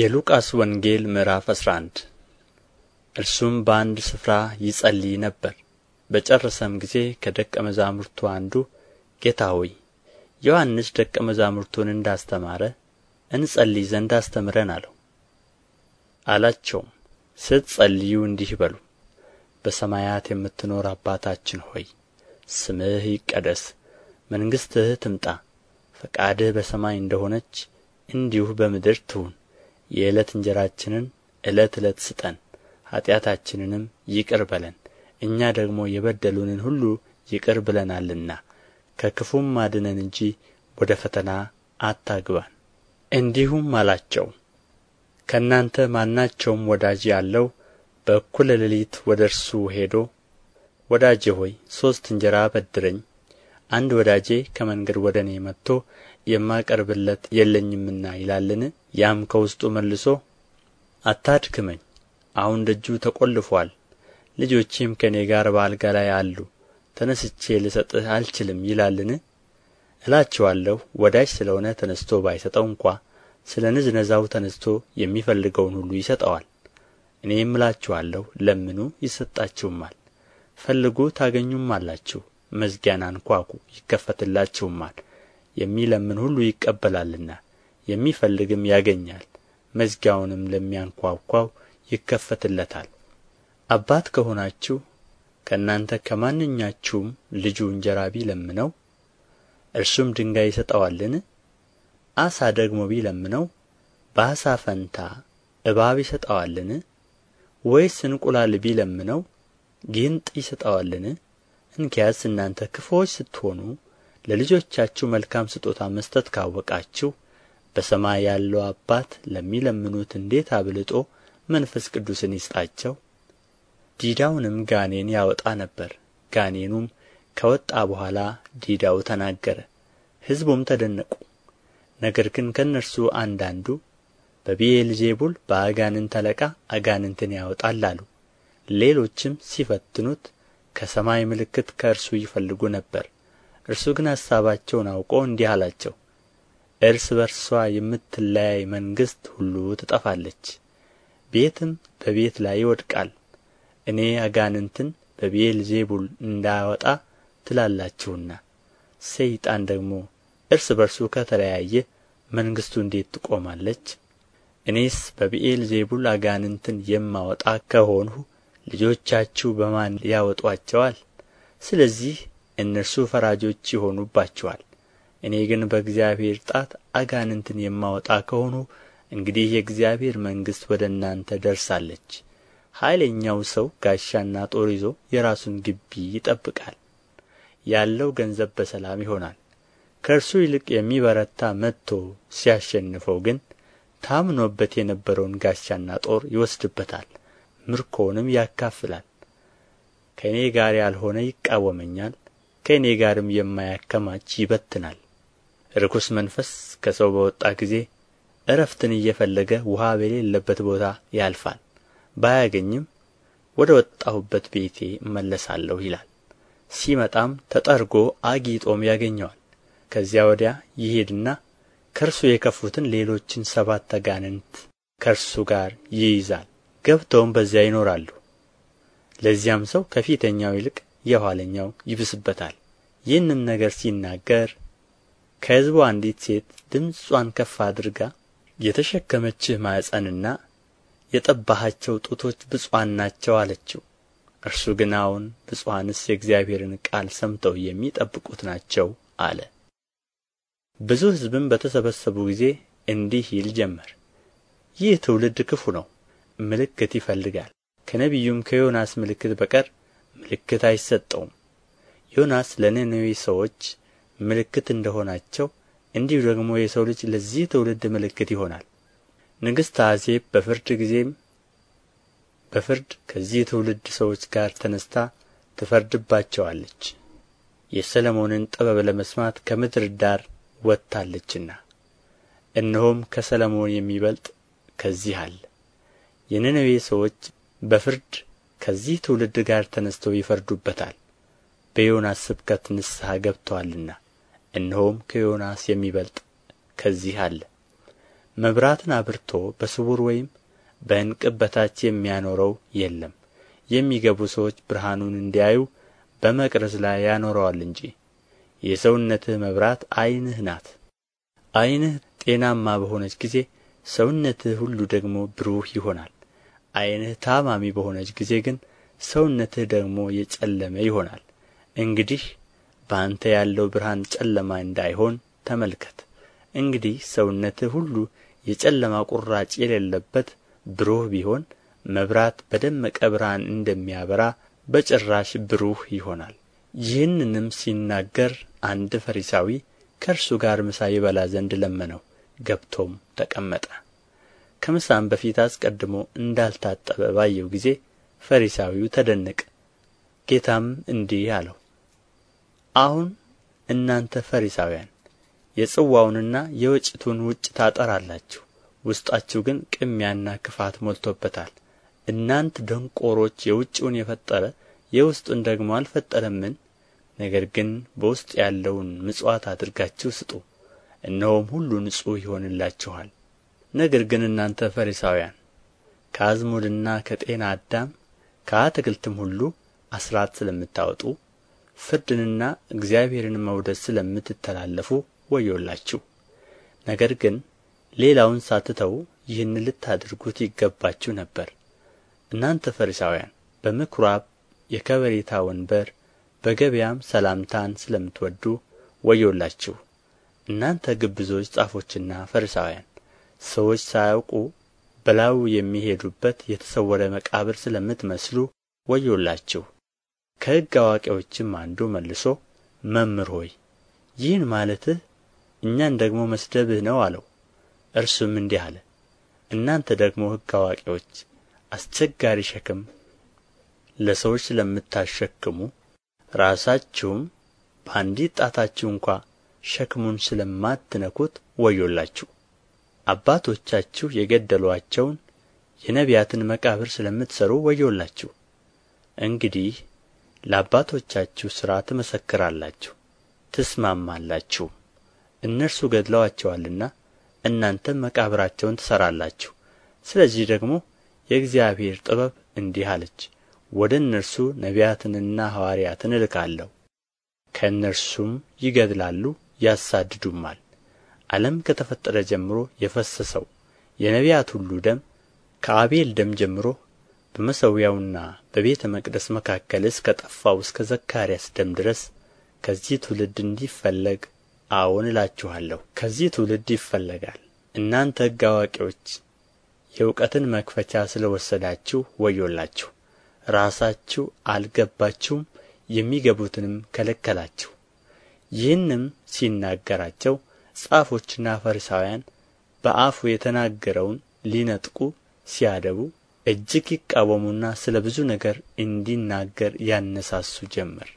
የሉቃስ ወንጌል ምዕራፍ 11 እርሱም በአንድ ስፍራ ይጸልይ ነበር። በጨረሰም ጊዜ ከደቀ መዛሙርቱ አንዱ ጌታ ሆይ ዮሐንስ ደቀ መዛሙርቱን እንዳስተማረ እንጸልይ ዘንድ አስተምረን አለው። አላቸውም ስትጸልዩ እንዲህ በሉ በሰማያት የምትኖር አባታችን ሆይ ስምህ ይቀደስ፣ መንግሥትህ ትምጣ፣ ፈቃድህ በሰማይ እንደሆነች እንዲሁ በምድር ትሁን የዕለት እንጀራችንን ዕለት ዕለት ስጠን ኃጢአታችንንም ይቅር በለን እኛ ደግሞ የበደሉንን ሁሉ ይቅር ብለናልና ከክፉም አድነን እንጂ ወደ ፈተና አታግባን እንዲሁም አላቸው ከእናንተ ማናቸውም ወዳጅ ያለው በእኩለ ሌሊት ወደ እርሱ ሄዶ ወዳጄ ሆይ ሦስት እንጀራ በድረኝ አንድ ወዳጄ ከመንገድ ወደ እኔ መጥቶ የማቀርብለት የለኝምና ይላልን ያም ከውስጡ መልሶ አታድክመኝ አሁን ደጁ ተቈልፎአል ልጆቼም ከእኔ ጋር በአልጋ ላይ አሉ ተነስቼ ልሰጥህ አልችልም ይላልን እላችኋለሁ ወዳጅ ስለ ሆነ ተነስቶ ባይሰጠው እንኳ ስለ ንዝነዛው ተነስቶ የሚፈልገውን ሁሉ ይሰጠዋል እኔም እላችኋለሁ ለምኑ ይሰጣችሁማል ፈልጉ ታገኙማላችሁ መዝጊያን አንኳኩ ይከፈትላችሁማል የሚለምን ሁሉ ይቀበላልና የሚፈልግም ያገኛል መዝጊያውንም ለሚያንኳኳው ይከፈትለታል አባት ከሆናችሁ ከእናንተ ከማንኛችሁም ልጁ እንጀራ ቢለምነው እርሱም ድንጋይ ይሰጠዋልን ዓሣ ደግሞ ቢለምነው በዓሣ ፈንታ እባብ ይሰጠዋልን ወይስ እንቁላል ቢለምነው ጊንጥ ይሰጠዋልን እንኪያስ እናንተ ክፉዎች ስትሆኑ ለልጆቻችሁ መልካም ስጦታ መስጠት ካወቃችሁ በሰማይ ያለው አባት ለሚለምኑት እንዴት አብልጦ መንፈስ ቅዱስን ይስጣቸው ዲዳውንም ጋኔን ያወጣ ነበር ጋኔኑም ከወጣ በኋላ ዲዳው ተናገረ ሕዝቡም ተደነቁ ነገር ግን ከእነርሱ አንዳንዱ በብዔልዜቡል በአጋንንት አለቃ አጋንንትን ያወጣል አሉ ሌሎችም ሲፈትኑት ከሰማይ ምልክት ከእርሱ ይፈልጉ ነበር እርሱ ግን ሐሳባቸውን አውቆ እንዲህ አላቸው እርስ በርስዋ የምትለያይ መንግሥት ሁሉ ትጠፋለች ቤትም በቤት ላይ ይወድቃል እኔ አጋንንትን በብዔል ዜቡል እንዳወጣ ትላላችሁና ሰይጣን ደግሞ እርስ በርሱ ከተለያየ መንግሥቱ እንዴት ትቆማለች እኔስ በብዔል ዜቡል አጋንንትን የማወጣ ከሆንሁ ልጆቻችሁ በማን ያወጧቸዋል? ስለዚህ እነርሱ ፈራጆች ይሆኑባችኋል እኔ ግን በእግዚአብሔር ጣት አጋንንትን የማወጣ ከሆኑ እንግዲህ የእግዚአብሔር መንግሥት ወደ እናንተ ደርሳለች ኃይለኛው ሰው ጋሻና ጦር ይዞ የራሱን ግቢ ይጠብቃል ያለው ገንዘብ በሰላም ይሆናል ከእርሱ ይልቅ የሚበረታ መጥቶ ሲያሸንፈው ግን ታምኖበት የነበረውን ጋሻና ጦር ይወስድበታል ምርኮውንም ያካፍላል ከእኔ ጋር ያልሆነ ይቃወመኛል ከእኔ ጋርም የማያከማች ይበትናል ርኩስ መንፈስ ከሰው በወጣ ጊዜ እረፍትን እየፈለገ ውሃ በሌለበት ቦታ ያልፋል ባያገኝም ወደ ወጣሁበት ቤቴ እመለሳለሁ ይላል ሲመጣም ተጠርጎ አጊጦም ያገኘዋል ከዚያ ወዲያ ይሄድና ከእርሱ የከፉትን ሌሎችን ሰባት አጋንንት ከእርሱ ጋር ይይዛል ገብተውም በዚያ ይኖራሉ ለዚያም ሰው ከፊተኛው ይልቅ የኋለኛው ይብስበታል ይህንም ነገር ሲናገር ከሕዝቡ አንዲት ሴት ድምጿን ከፍ አድርጋ የተሸከመችህ ማኅፀንና የጠባሃቸው ጡቶች ብፁዓን ናቸው አለችው። እርሱ ግን አዎን፣ ብፁዓንስ የእግዚአብሔርን ቃል ሰምተው የሚጠብቁት ናቸው አለ። ብዙ ሕዝብም በተሰበሰቡ ጊዜ እንዲህ ይል ጀመር። ይህ ትውልድ ክፉ ነው፣ ምልክት ይፈልጋል። ከነቢዩም ከዮናስ ምልክት በቀር ምልክት አይሰጠውም። ዮናስ ለነነዌ ሰዎች ምልክት እንደ ሆናቸው እንዲሁ ደግሞ የሰው ልጅ ለዚህ ትውልድ ምልክት ይሆናል ንግሥት አዜብ በፍርድ ጊዜም በፍርድ ከዚህ ትውልድ ሰዎች ጋር ተነስታ ትፈርድባቸዋለች የሰለሞንን ጥበብ ለመስማት ከምድር ዳር ወጥታለችና እነሆም ከሰለሞን የሚበልጥ ከዚህ አለ የነነዌ ሰዎች በፍርድ ከዚህ ትውልድ ጋር ተነስተው ይፈርዱበታል በዮናስ ስብከት ንስሐ ገብተዋልና እነሆም ከዮናስ የሚበልጥ ከዚህ አለ መብራትን አብርቶ በስውር ወይም በእንቅብ በታች የሚያኖረው የለም የሚገቡ ሰዎች ብርሃኑን እንዲያዩ በመቅረዝ ላይ ያኖረዋል እንጂ የሰውነትህ መብራት ዐይንህ ናት ዐይንህ ጤናማ በሆነች ጊዜ ሰውነትህ ሁሉ ደግሞ ብሩህ ይሆናል ዐይንህ ታማሚ በሆነች ጊዜ ግን ሰውነትህ ደግሞ የጨለመ ይሆናል እንግዲህ በአንተ ያለው ብርሃን ጨለማ እንዳይሆን ተመልከት እንግዲህ ሰውነትህ ሁሉ የጨለማ ቁራጭ የሌለበት ብሩህ ቢሆን መብራት በደመቀ ብርሃን እንደሚያበራ በጭራሽ ብሩህ ይሆናል ይህንንም ሲናገር አንድ ፈሪሳዊ ከእርሱ ጋር ምሳ ይበላ ዘንድ ለመነው ገብቶም ተቀመጠ ከምሳም በፊት አስቀድሞ እንዳልታጠበ ባየው ጊዜ ፈሪሳዊው ተደነቀ ጌታም እንዲህ አለው አሁን እናንተ ፈሪሳውያን የጽዋውንና የወጭቱን ውጭ ታጠራላችሁ ውስጣችሁ ግን ቅሚያና ክፋት ሞልቶበታል እናንት ደንቆሮች የውጭውን የፈጠረ የውስጡን ደግሞ አልፈጠረምን ነገር ግን በውስጥ ያለውን ምጽዋት አድርጋችሁ ስጡ እነሆም ሁሉ ንጹሕ ይሆንላችኋል ነገር ግን እናንተ ፈሪሳውያን ከአዝሙድና ከጤና አዳም ከአትክልትም ሁሉ አስራት ስለምታወጡ ፍርድንና እግዚአብሔርን መውደድ ስለምትተላለፉ ወዮላችሁ ነገር ግን ሌላውን ሳትተው ይህን ልታደርጉት ይገባችሁ ነበር እናንተ ፈሪሳውያን በምኵራብ የከበሬታ ወንበር በገበያም ሰላምታን ስለምትወዱ ወዮላችሁ እናንተ ግብዞች ጻፎችና ፈሪሳውያን ሰዎች ሳያውቁ በላዩ የሚሄዱበት የተሰወረ መቃብር ስለምትመስሉ ወዮላችሁ ከሕግ አዋቂዎችም አንዱ መልሶ መምህር ሆይ ይህን ማለትህ እኛን ደግሞ መስደብህ ነው አለው እርሱም እንዲህ አለ እናንተ ደግሞ ሕግ አዋቂዎች አስቸጋሪ ሸክም ለሰዎች ስለምታሸክሙ ራሳችሁም በአንዲት ጣታችሁ እንኳ ሸክሙን ስለማትነኩት ወዮላችሁ። አባቶቻችሁ የገደሏቸውን የነቢያትን መቃብር ስለምትሠሩ ወዮላችሁ። እንግዲህ ለአባቶቻችሁ ሥራ ትመሰክራላችሁ ትስማማላችሁም እነርሱ ገድለዋቸዋልና እናንተም መቃብራቸውን ትሠራላችሁ ስለዚህ ደግሞ የእግዚአብሔር ጥበብ እንዲህ አለች ወደ እነርሱ ነቢያትንና ሐዋርያትን እልካለሁ ከእነርሱም ይገድላሉ ያሳድዱማል ዓለም ከተፈጠረ ጀምሮ የፈሰሰው የነቢያት ሁሉ ደም ከአቤል ደም ጀምሮ በመሠዊያውና በቤተ መቅደስ መካከል እስከ ጠፋው እስከ ዘካርያስ ደም ድረስ ከዚህ ትውልድ እንዲፈለግ አዎን እላችኋለሁ ከዚህ ትውልድ ይፈለጋል እናንተ ሕግ አዋቂዎች የእውቀትን መክፈቻ ስለ ወሰዳችሁ ወዮላችሁ ራሳችሁ አልገባችሁም የሚገቡትንም ከለከላችሁ ይህንም ሲናገራቸው ጻፎችና ፈሪሳውያን በአፉ የተናገረውን ሊነጥቁ ሲያደቡ እጅግ ይቃወሙና ስለ ብዙ ነገር እንዲናገር ያነሣሡ ጀመር